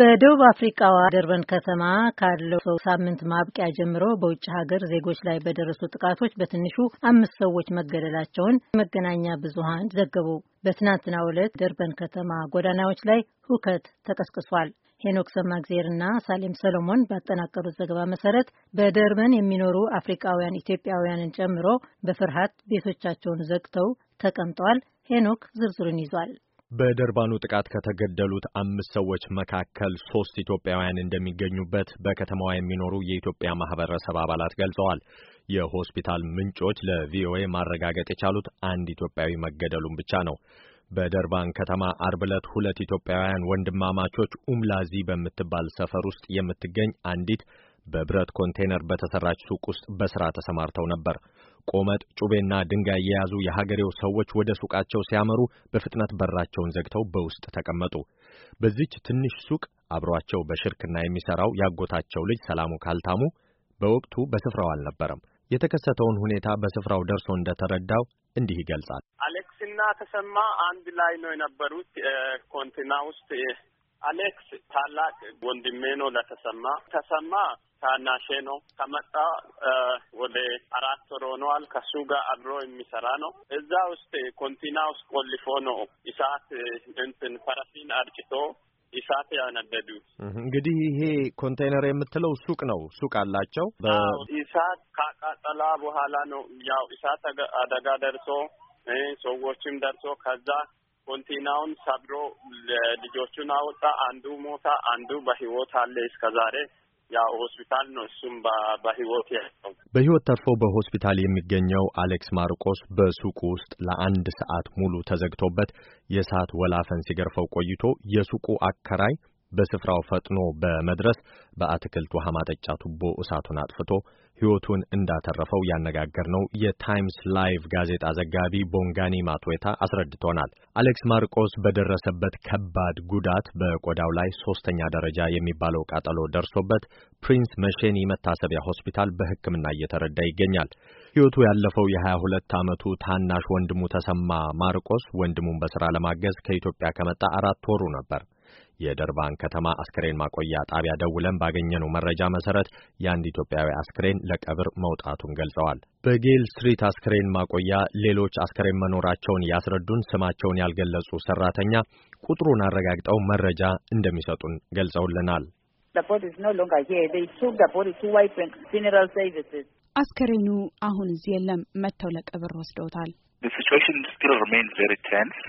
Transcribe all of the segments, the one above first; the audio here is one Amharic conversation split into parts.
በደቡብ አፍሪካዋ ደርበን ከተማ ካለው ሰው ሳምንት ማብቂያ ጀምሮ በውጭ ሀገር ዜጎች ላይ በደረሱ ጥቃቶች በትንሹ አምስት ሰዎች መገደላቸውን የመገናኛ ብዙሃን ዘገቡ። በትናንትና ዕለት ደርበን ከተማ ጎዳናዎች ላይ ሁከት ተቀስቅሷል። ሄኖክ ሰማግዜርና ሳሌም ሰሎሞን ባጠናቀሩት ዘገባ መሰረት በደርበን የሚኖሩ አፍሪካውያን ኢትዮጵያውያንን ጨምሮ በፍርሃት ቤቶቻቸውን ዘግተው ተቀምጠዋል። ሄኖክ ዝርዝሩን ይዟል። በደርባኑ ጥቃት ከተገደሉት አምስት ሰዎች መካከል ሶስት ኢትዮጵያውያን እንደሚገኙበት በከተማዋ የሚኖሩ የኢትዮጵያ ማህበረሰብ አባላት ገልጸዋል። የሆስፒታል ምንጮች ለቪኦኤ ማረጋገጥ የቻሉት አንድ ኢትዮጵያዊ መገደሉን ብቻ ነው። በደርባን ከተማ አርብ ዕለት ሁለት ኢትዮጵያውያን ወንድማማቾች ኡምላዚ በምትባል ሰፈር ውስጥ የምትገኝ አንዲት በብረት ኮንቴነር በተሰራች ሱቅ ውስጥ በስራ ተሰማርተው ነበር። ቆመጥ፣ ጩቤና ድንጋይ የያዙ የሀገሬው ሰዎች ወደ ሱቃቸው ሲያመሩ በፍጥነት በራቸውን ዘግተው በውስጥ ተቀመጡ። በዚች ትንሽ ሱቅ አብሯቸው በሽርክና የሚሰራው ያጎታቸው ልጅ ሰላሙ ካልታሙ በወቅቱ በስፍራው አልነበረም። የተከሰተውን ሁኔታ በስፍራው ደርሶ እንደተረዳው እንዲህ ይገልጻል። አሌክስና ተሰማ አንድ ላይ ነው የነበሩት ኮንቲና ውስጥ። አሌክስ ታላቅ ወንድሜ ነው ለተሰማ። ተሰማ ታናሼ ነው። ከመጣ ወደ አራት ወር ከሱ ጋር አብሮ የሚሰራ ነው። እዛ ውስጥ ኮንቲና ውስጥ ቆልፎ ነው እሳት እንትን ፈረሲን አርጭቶ እሳት ያነደዱ። እንግዲህ ይሄ ኮንቴይነር የምትለው ሱቅ ነው። ሱቅ አላቸው። እሳት ካቃጠላ በኋላ ነው ያው እሳት አደጋ ደርሶ ሰዎችም ደርሶ ከዛ ኮንቲናውን ሰብሮ ልጆቹን አወጣ። አንዱ ሞታ፣ አንዱ በህይወት አለ እስከ ዛሬ ያው ሆስፒታል ነው። እሱም በህይወት ያለው በህይወት ተርፎ በሆስፒታል የሚገኘው አሌክስ ማርቆስ በሱቁ ውስጥ ለአንድ ሰዓት ሙሉ ተዘግቶበት የእሳት ወላፈን ሲገርፈው ቆይቶ የሱቁ አከራይ በስፍራው ፈጥኖ በመድረስ በአትክልት ውሃ ማጠጫ ቱቦ እሳቱን አጥፍቶ ሕይወቱን እንዳተረፈው ነው። የታይምስ ላይቭ ጋዜጣ ዘጋቢ ቦንጋኒ ማትዌታ አስረድቶናል። አሌክስ ማርቆስ በደረሰበት ከባድ ጉዳት በቆዳው ላይ ሶስተኛ ደረጃ የሚባለው ቃጠሎ ደርሶበት ፕሪንስ መሼኒ መታሰቢያ ሆስፒታል በሕክምና እየተረዳ ይገኛል። ሕይወቱ ያለፈው የሀያ ሁለት ዓመቱ ታናሽ ወንድሙ ተሰማ ማርቆስ ወንድሙን በሥራ ለማገዝ ከኢትዮጵያ ከመጣ አራት ወሩ ነበር። የደርባን ከተማ አስክሬን ማቆያ ጣቢያ ደውለን ባገኘነው መረጃ መሰረት የአንድ ኢትዮጵያዊ አስክሬን ለቀብር መውጣቱን ገልጸዋል። በጌል ስትሪት አስክሬን ማቆያ ሌሎች አስክሬን መኖራቸውን ያስረዱን ስማቸውን ያልገለጹ ሰራተኛ ቁጥሩን አረጋግጠው መረጃ እንደሚሰጡን ገልጸውልናል። አስከሬኑ አሁን እዚህ የለም፣ መጥተው ለቀብር ወስደውታል።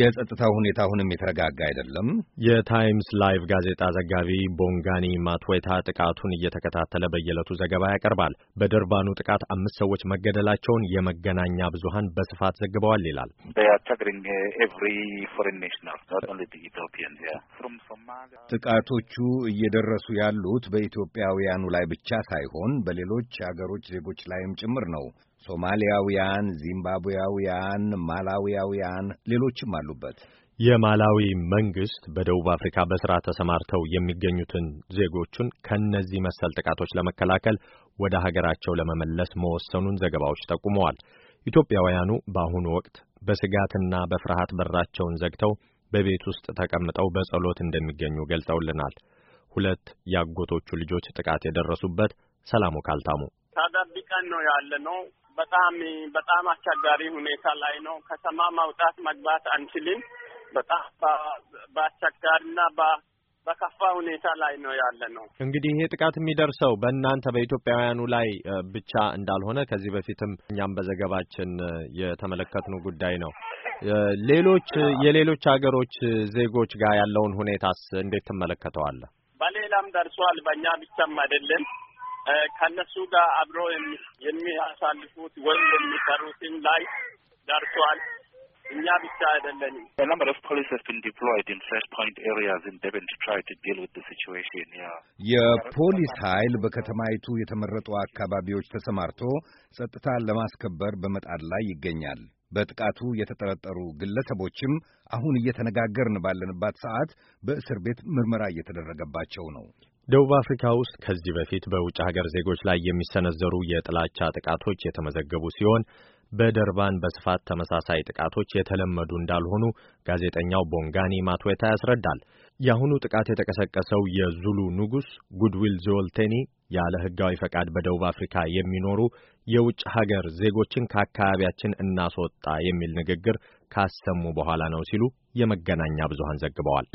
የጸጥታው ሁኔታ አሁንም የተረጋጋ አይደለም። የታይምስ ላይቭ ጋዜጣ ዘጋቢ ቦንጋኒ ማትዌታ ጥቃቱን እየተከታተለ በየዕለቱ ዘገባ ያቀርባል። በደርባኑ ጥቃት አምስት ሰዎች መገደላቸውን የመገናኛ ብዙሃን በስፋት ዘግበዋል ይላል። uh, ጥቃቶቹ እየደረሱ ያሉት በኢትዮጵያውያኑ ላይ ብቻ ሳይሆን በሌሎች አገሮች ዜጎች ላይም ጭምር ነው። ሶማሊያውያን፣ ዚምባብዌያውያን፣ ማላዊያውያን ሌሎችም አሉበት። የማላዊ መንግስት በደቡብ አፍሪካ በስራ ተሰማርተው የሚገኙትን ዜጎቹን ከእነዚህ መሰል ጥቃቶች ለመከላከል ወደ ሀገራቸው ለመመለስ መወሰኑን ዘገባዎች ጠቁመዋል። ኢትዮጵያውያኑ በአሁኑ ወቅት በስጋትና በፍርሃት በራቸውን ዘግተው በቤት ውስጥ ተቀምጠው በጸሎት እንደሚገኙ ገልጸውልናል። ሁለት የአጎቶቹ ልጆች ጥቃት የደረሱበት ሰላሙ ካልታሙ ታዳቢቀን ነው ያለ ነው። በጣም በጣም አስቸጋሪ ሁኔታ ላይ ነው። ከተማ ማውጣት መግባት አንችልም። በጣም በአስቸጋሪና በከፋ ሁኔታ ላይ ነው ያለ ነው። እንግዲህ ይሄ ጥቃት የሚደርሰው በእናንተ በኢትዮጵያውያኑ ላይ ብቻ እንዳልሆነ ከዚህ በፊትም እኛም በዘገባችን የተመለከትነው ጉዳይ ነው። ሌሎች የሌሎች ሀገሮች ዜጎች ጋር ያለውን ሁኔታስ እንዴት ትመለከተዋለህ? በሌላም ደርሷል። በእኛ ብቻም አይደለም። ከነሱ ጋር አብሮ የሚያሳልፉት ወይም የሚሰሩትን ላይ ደርሷል። እኛ ብቻ አይደለንም። የፖሊስ ኃይል በከተማይቱ የተመረጡ አካባቢዎች ተሰማርቶ ጸጥታ ለማስከበር በመጣር ላይ ይገኛል። በጥቃቱ የተጠረጠሩ ግለሰቦችም አሁን እየተነጋገርን ባለንባት ሰዓት በእስር ቤት ምርመራ እየተደረገባቸው ነው። ደቡብ አፍሪካ ውስጥ ከዚህ በፊት በውጭ ሀገር ዜጎች ላይ የሚሰነዘሩ የጥላቻ ጥቃቶች የተመዘገቡ ሲሆን በደርባን በስፋት ተመሳሳይ ጥቃቶች የተለመዱ እንዳልሆኑ ጋዜጠኛው ቦንጋኒ ማትዌታ ያስረዳል። የአሁኑ ጥቃት የተቀሰቀሰው የዙሉ ንጉሥ ጉድዊል ዞልቴኒ ያለ ሕጋዊ ፈቃድ በደቡብ አፍሪካ የሚኖሩ የውጭ ሀገር ዜጎችን ከአካባቢያችን እናስወጣ የሚል ንግግር ካሰሙ በኋላ ነው ሲሉ የመገናኛ ብዙሃን ዘግበዋል።